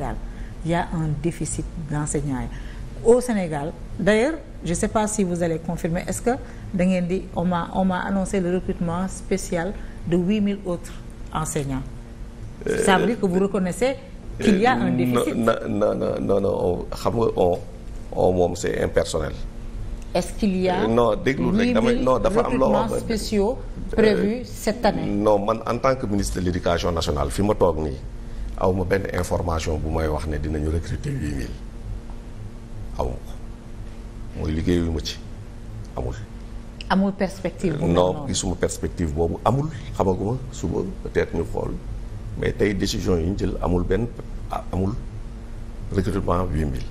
Sénégal il y a un déficit d'enseignants yi au Sénégal d'ailleurs je sais pas si vous allez confirmer est-ce que da ngeen di on m'a on m'a annoncé le recrutement spécial de 8000 autres enseignants euh, ça veut dire que vous reconnaissez qu'il y un euh, déficit non non non non xam nga on on moom c'est impersonnel est-ce qu'il y a euh, non déglu rek non dafa am loo wax spéciaux prévus cette année non man en tant que ministre de l'éducation nationale fi ma toog nii aw ma benn information bu may wax ne dinañu recruter huit mille aw ma ko mooy liggéeyu ci amul. amul perspective boobu non gisuma perspective boobu amul xamaguma suba peut ñu xool mais tey décision yi ñu jël amul benn amul recrutement huit mille.